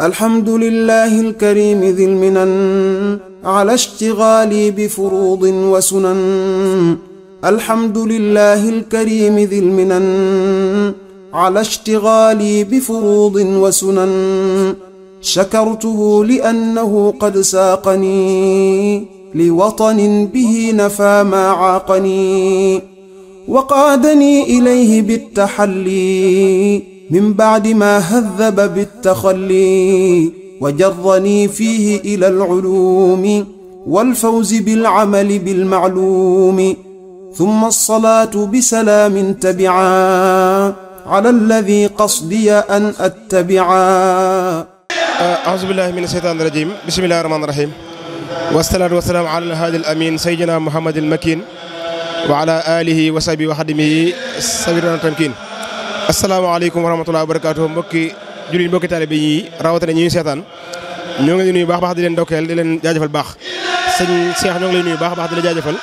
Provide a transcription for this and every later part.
الحمد لله الكريم ذي المنن على اشتغالي بفروض وسنن الحمد لله الكريم ذي المنن على اشتغالي بفروض وسنن شكرته لأنه قد ساقني لوطن به نفى ما عاقني وقادني إليه بالتحلي من بعد ما هذب بالتخلي وجرني فيه إلى العلوم والفوز بالعمل بالمعلوم ثم الصلاة بسلام تبعا على الذي قصدي أن أتبعا أعوذ بالله من الشيطان الرجيم بسم الله الرحمن الرحيم والصلاة والسلام على الهادي الأمين سيدنا محمد المكين وعلى آله وصحبه وخدمه سبيل التمكين asalaamaaleykum wa rahmatulah wa barakaatu mbokki jullit mbokki taalibe yi rawatina ñu ñu seetaan ñoo ngi lay nuyu baax baax di leen dokkeel di leen jaajëfal baax sëñ Cheikh ñoo ngi lay nuyu baax baax di la jaajëfal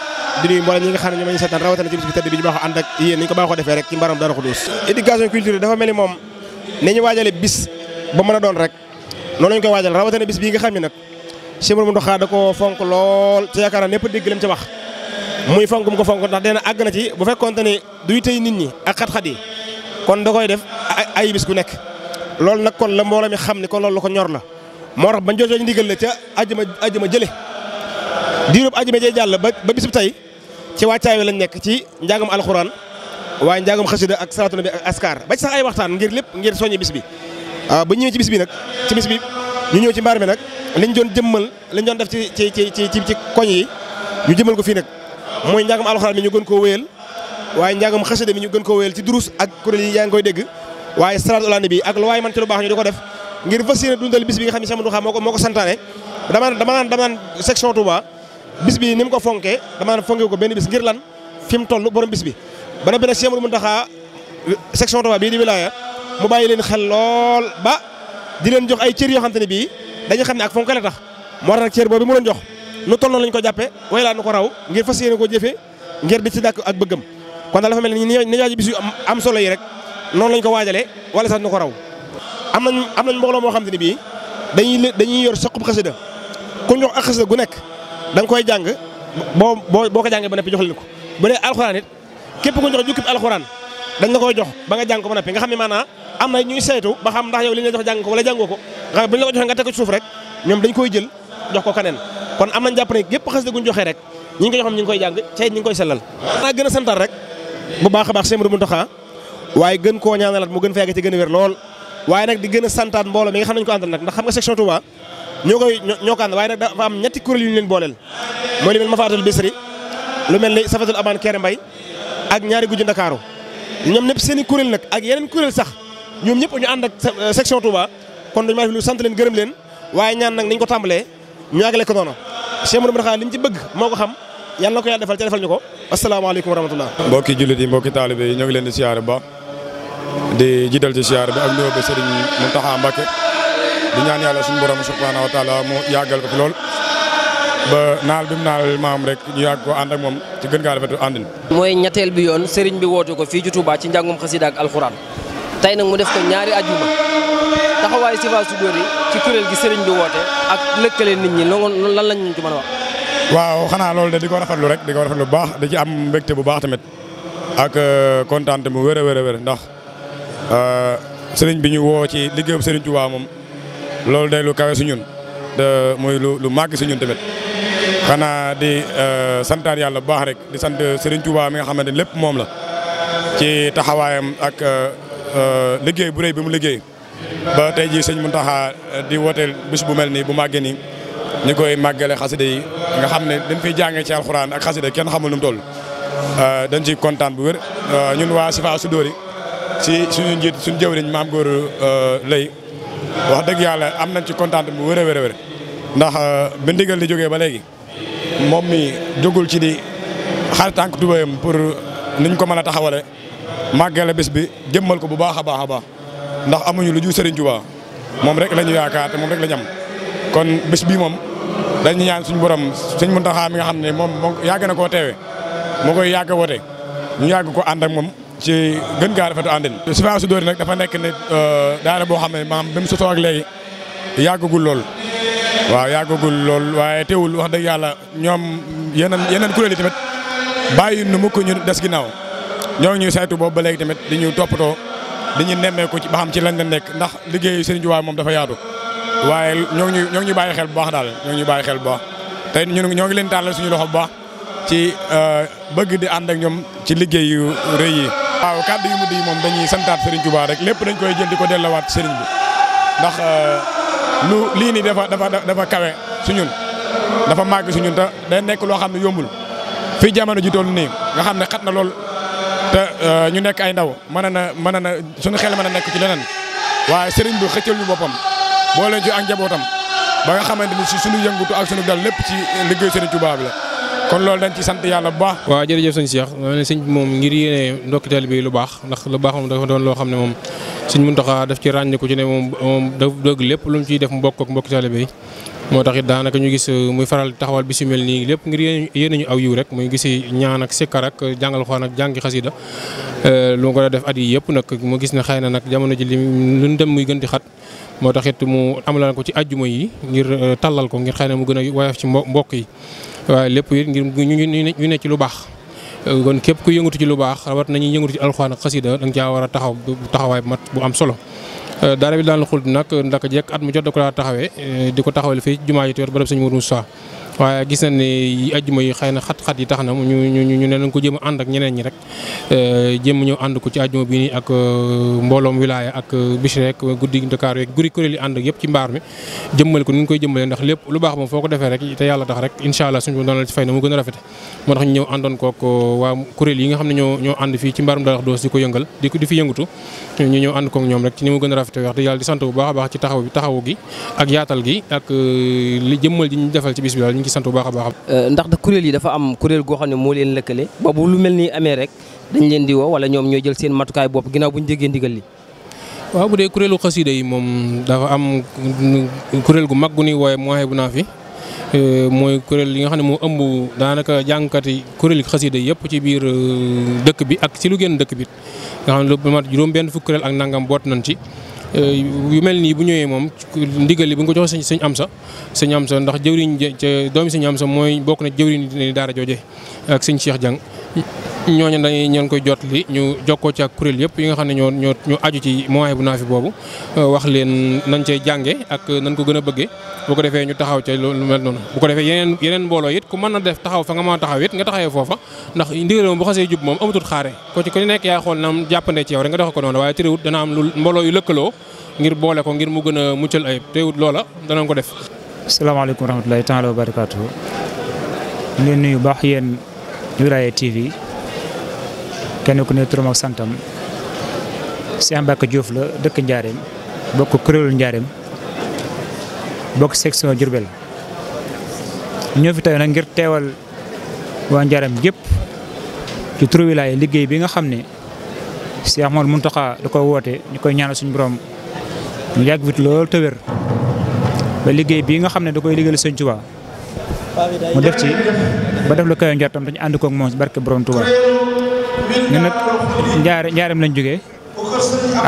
di ne ñoom ñu seetaan rawatina ci bis bi tedd bi ñu baaxoo ànd ak yéen ñu ko baaxoo defee rek ci mbaram dara xudus éducation culture dafa mel ni moom ne ñu waajale bis ba mën a doon rek noonu lañu koy waajal rawatina bis bii nga xam ne nag Cheikh Mouhamadou Mountakha da ko fonk lool ca yaakaar naa ñëpp dégg lam ca wax muy fonk mu ko fonk ndax dina àgg na ci bu fekkoonte ne duy tey nit ñi ak xat-xat kon da koy def ay bis gu nekk loolu nag kon la mbooloo mi xam ni kon loolu la ko ñor la moo tax bañ joojoo ndigal la ca ajjuma ajjuma jële diirub ajjuma jee jàll ba ba bisub tey ci wàccaay wi lañ nekk ci njàngam alxuraan waaye njàngam xasida ak salaatu nabi ak askar ba sax ay waxtaan ngir lépp ngir soññi bis bi ah, ba ñëwee ci bis bi nag ci bis bi ñu ñëw ci mbaar mi nag liñ doon jëmmal liñ doon def ci ci ci ci ci koñ yi ñu jëmmal ko fii nag mooy njàngam alxuraan mi ñu gën koo wéyal waaye njàngam xasida mi ñu gën ko wéyal ci durus ak kuréel yi yaa ngi koy dégg waaye salaatu ala nabi bi ak lu waaye man ci lu baax ñu di ko def ngir fas yéene dundal bis bi nga ni mu ko fonkee dama naan ko benn bis ngir lan fi mu toll borom bis bi ba noppi nag Cheikh Mountakha section Touba bii di wilaya mu bàyyi leen xel lool ba di leen jox ay cër yoo xam te ne bii dañu xam ne ak fonkale tax moo tax nag cër boobu mu leen jox nu toll noonu lañ ko jàppe way laa nu ko raw ngir fas yéene ko jëfee ngir di ci dàkk ak bëggam kon daal dafa mel ni ni ñoo bis yu am solo yi rek noonu lañ ko waajale wala sax nu ko raw am nañ am nañ mbooloo moo xam te ne bii dañuy dañuy yor saqub xasida ku ñu jox ak xasida gu nekk da koy jàng boo boo ko jàngee ba noppi jox leen ko bu dee alxuraan it képp ku ñu jox jukkib alxuraan dañ la koy jox ba nga jàng ko ba noppi nga xam ne maanaam am na ñuy saytu ba xam ndax yow li ñu jox jàng wala jàngoo ko nga bu ñu la ko joxee nga teg ko ci suuf rek ñoom dañ koy jël jox ko keneen kon am nañ jàpp ne képp xasida gu ñu joxee rek ñi ngi ko joxam ñi ngi koy jàng ca ñi ngi koy sellal naa gën a santal rek bu baax a baax Cheikh Modou Mountakha waaye gën koo ñaanalaat mu gën fa yàgg ci gën a wér lool waaye nag di gën a santaat mbooloo mi nga xam ne ñu ko àndal nag ndax xam nga section Touba ñoo koy ñoo ko ànd waaye nag dafa am ñetti kuréel yu ñu leen booleel mooy lu lu mel ni Safatul Amaan Kéré ak ñaari gujju Ndakaaru ñoom ñëpp seen i kuréel nag ak yeneen kuréel sax ñoom ñëpp ñu ànd ak euh, section Touba kon dañu maa lu sant leen gërëm leen waaye ñaan nag niñ ko tàmbalee ñu àggale ko noonu Cheikh Modou Mountakha li ñu ci bëgg moo ko xam yàlla na ko yàlla defal ca defal ñu ko asalaamaaleykum wa rahmatullah mbokki jullit yi mbokki taalibe yi ñoo ngi leen di siyaare ba di jiital ci siyaare bi ak nuyoo ba sëriñ Muntaxa Mbàkke di ñaan yàlla suñu borom subhaanahu wa taala mu yàggal ko fi lool ba naal bi mu naal maam rek ñu yàgg ko ànd ak moom ci gën gaa rafetu àndin mooy ñetteel bi yoon sëriñ bi woote ko fii ci Touba ci njàngum xasida ak alxuraan tey nag mu def ko ñaari ajuma taxawaay Chifa Sougori ci kuréel gi sëriñ bi woote ak lëkkale nit ñi lañ ñu ci mën waaw xanaa loolu de di ko rafetlu rek di ko rafetlu lu baax di ci am mbégte bu baax tamit ak euh, kontaante mu wér a wér a wér ndax euh, sëriñ bi ñu woo ci liggéeyam sëriñ Tuubaa moom loolu day lu kawe su ñun te muy lu lu màgg su ñun tamit xanaa di euh, santaat yàlla bu baax rek di sant sëriñ Tuubaa mi nga xamante ne lépp moom la ci taxawaayam ak liggéey bu rëy bi mu liggéey ba tey jii sëñ Muntaxa di wooteel bis bu mel nii bu màggee nii ñu koy màggale xasida yi nga xam ne dañ fiy jàngee ci alxuraan ak xasida kenn xamul nu mu euh, dañ ciy kontaan bu wér euh, ñun waa Sifa Sudóori si suñu njiit suñu jëwriñ maam góor euh, lay wax dëgg yàlla am nañ ci kontaan bu wér a wér a ndax bi ndigal li jógee ba léegi moom mi jógul ci di xar tànk tubayam pour niñ ko mën a taxawale màggale bis bi jëmmal ko bu baax a baax baax ndax amuñu lu ju Serigne Touba moom rek la ñu yaakaar moom rek la ñu kon bés bii moom dañu ñaan suñu borom suñ Muntaxa mi nga xam ne moom moom yàgg na koo teewe moo koy yàgg woote ñu yàgg ko ànd ak moom ci gën gaa rafetu àndin Chifaa'u Suduur nag dafa nekk ne euh, daara boo xam ne maam bi mu sosoo ak léegi yàggagul lool waaw yàggagul lool waaye teewul wax dëgg yàlla ñoom yeneen yeneen kuréel yi tamit bàyyi nu mukk ñu des ginnaaw ñoo ñuy saytu boobu ba léegi tamit di ñu toppatoo di ñu nemmeeku ci ba xam ci lañ la nekk ndax liggéey Sëriñ Tuubaa moom dafa yaatu waaye ñoo ngi ñoo ngi bàyyi xel bu baax daal ñoo ngi bàyyi xel bu baax te ñun leen tàllal suñu loxo bu baax ci euh, bëgg di ànd ak ñoom ci liggéey yu rëy yi. waaw kàddu di mujj yi moom dañuy santaat Serigne Touba rek lépp dañ koy jël di ko dellowaat Serigne bu ndax euh, lu lii nii dafa dafa dafa kawe su dafa màgg suñu ñun day nekk loo xam ne yombul fii jamono ji toll nii nga xam ne xat na lool te euh, ñu nekk ay ndaw mën na mën na suñu xel mën a nekk ci leneen waaye sëriñ bi xëccal ñu boppam. boo leen ci ak njabootam ba nga xamante ni si sunu yëngutu ak sunu dal lépp ci liggéey Serigne Touba bi la kon loolu dañ ci sant yàlla bu baax. waaw jërëjëf sëñ Cheikh ma ne sëñ moom ngir yéene ndokkital bi lu baax ndax lu baax moom dafa doon loo xam ne moom sëñ Mountakha daf ci ràññeeku ci ne moom moom dëgg lépp lu mu ciy def mbokk bokk ak mbokki taalibe yi moo tax it daanaka ñu gis euh, muy faral taxawal bi si mel nii lépp ngir yéen ñu aw yiw rek muy gisi ñaan ak sikkar ak jàngal xuraan ak jàngi xasida euh, lu ko def at yi yëpp nag mu gis ne xëy na nag jamono ji li lu dem muy gën di xat moo tax it mu amalaan ko ci àjjuma yi ngir euh, tallal ko ngir xëy na mu gën a woyof ci mbokk yi waaye lépp it ngir ñu ne ci lu baax kon képp ku yëngatu ci lu baax rawat nañu yëngatu ci alxuraan ak xasida danga caa war a taxaw taxawaay mat bu am solo Euh, daara bi daal xuld nag ndaka jekk at mu jot da ko daa taxawee euh, di ko taxawal fii jumaa ji teewer barab sëñ Mourou Moussa waaye gis na ne ajjuma yi xëy na xat-xat yi tax na ñu ñu ñu ne nañ ko jéem a ànd ak ñeneen ñi rek euh, jéem ñëw ànd ko ci ajjuma bi nii ak euh, mbooloom wilaaya ak bich euh, rek guddi Dakar yeeg guri kuréel ànd ak yëpp ci mi jëmmal ko ni ñu koy jëmmalee ndax lépp lu baax moom foo ko defee rek yàlla tax rek incha la ci fay na mu gën yi nga xam ne ñoo ñoo ànd fii ci mbaarum Darou Khoudoss di ko di ko di fi yëngutu ñu ñëw ànd kook a rafete wax dëgg yàlla di sant a baax ci taxaw yaatal gi ak li jëmmal ji ñu defal ci bis ci sant bu baax a euh, ndax da kuréel yi dafa am kuréel goo xam ne moo leen lëkkale ba bu lu mel nii amee rek dañ leen di woo wala ñoom ñooy jël seen matukaay bopp ginnaaw bu ñu déggee ndigal li. waaw bu dee kuréelu xasida yi moom dafa am kuréel gu mag gu ñuy wooye Mawahibou fi euh, mooy kuréel yi nga xam ne moo ëmb daanaka jàngkati kuréel xasida yëpp ci biir euh, dëkk bi ak ci lu génn dëkk bi nga xam ne lu mat juróom benn fukk kuréel ak nangam boot nañ ci. Euh, yu mel nii bu ñëwee moom ndigal li bu nga ko joxee sëñ am sa sëñ am sa ndax jëwriñ ca doomi sëñ am sa mooy bokk na jëwriñ daara jooje ak sëñ Cheikh Dieng ñooñu dañuy ñoo koy jot li ñu jokkoo ci ak kuréel yëpp yi nga xam ne ñoo ñoo ñu aju ci Mawahibou Nafih boobu euh, wax leen nañ cey jànge ak nan ko gën a bëggee bu ko defee ñu taxaw ca lu mel noonu bu ko defee yeneen yeneen mbooloo it ku mën na def taxaw fa nga mën a taxaw it nga taxawee moom bu xasee jub moom amatul xaare ko ci ku nekk yaa xool na am jàppandee ci yow rek nga doxe ko noonu waaye terewut dana am lu mbooloo yu lëkkaloo ngir boole ko ngir mu gën a muccal ayib terewut loola danañ ko def salaamaaleykum warahmatullahi taala wa barakaatu leen nuyu baax yéen Wilaya kenn ku ne turam ak santam Cheikh Mbacke Diouf la dëkk Njaareem bokk kuréelu Njaareem bokk section Diourbel ñoo fi tey nag ngir teewal waa Njaareem gépp ci turu liggéey bi nga xam ne Cheikh Mouhamadou Mountakha da ko woote ñu koy ñaanal suñ borom mu yàgg fit lool te ba liggéey bii nga xam ne da koy liggéeyal Sëñ Touba mu def ci ba def lu kayo njortam dañu ànd koog moom barke borom Touba ñun nag njaare njaareem lañ jógee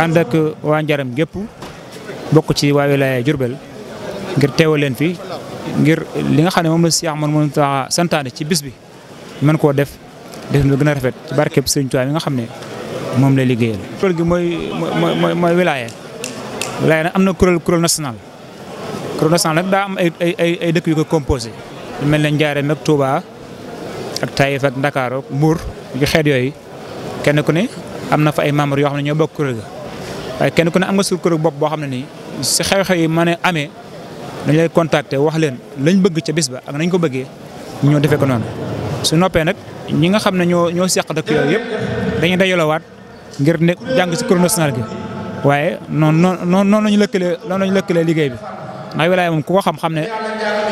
ànd ak waa njaram gépp bokk ci waa wilaaya Jurbel ngir teewal leen fi ngir li nga xam ne moom la Cheikh man mën taxa ci bis bi mën koo def def nga gën a rafet ci barkeb Sëriñ Tuubaa yi nga xam ne moom lay liggéeyal. kuréel gi mooy mooy am na kuréel kuréel national kuréel national ay ay ay dëkk mel ne Njaareem ak Touba ak Taïf ak Ndakaaru ak gi xeet yooyu kenn ku ne am na fa ay membres yoo xam ne ñoo bokk kuréel waaye kenn ku ne am nga suur kuréel bopp boo xam ne nii si xew-xew yi ma ne amee dañ lay wax leen lañ bëgg ca bis ba ak nañ ko bëggee ñoo defee noonu. su noppee nag ñi nga xam ne ñoo ñoo seq dëkk yooyu dañuy dajalawaat ngir ne jàng si kuréel gi waaye noonu noonu noonu la ñu lëkkalee noonu la ñu liggéey bi ndax wilaaya moom ku ko xam-xam ne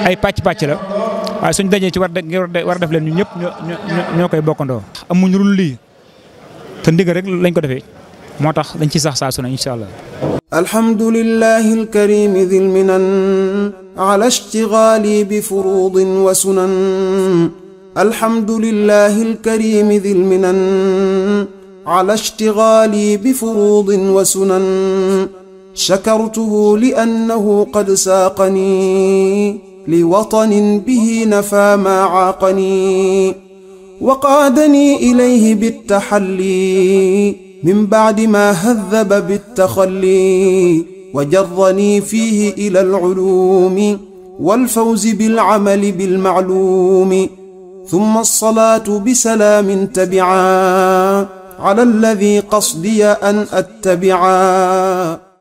ay pàcc-pàcc la. waaye suñ dajee ci war war def leen ñu ñëpp ñoo koy bokkandoo. amuñu rul lii te ndigal rek lañ ko defee moo tax dañ ci sax saa su ne incha allah. alhamdulillahi alkarimi dhil minan ala ishtighali bi furudin wa sunan alhamdulillahi alkarimi dhil minan ala ishtighali bi furudin wa sunan shakartuhu li annahu qad saaqani لوطن به نفى ما عاقني وقادني إليه بالتحلي من بعد ما هذب بالتخلي وجرني فيه إلى العلوم والفوز بالعمل بالمعلوم ثم الصلاة بسلام تبعا على الذي قصدي أن أتبعا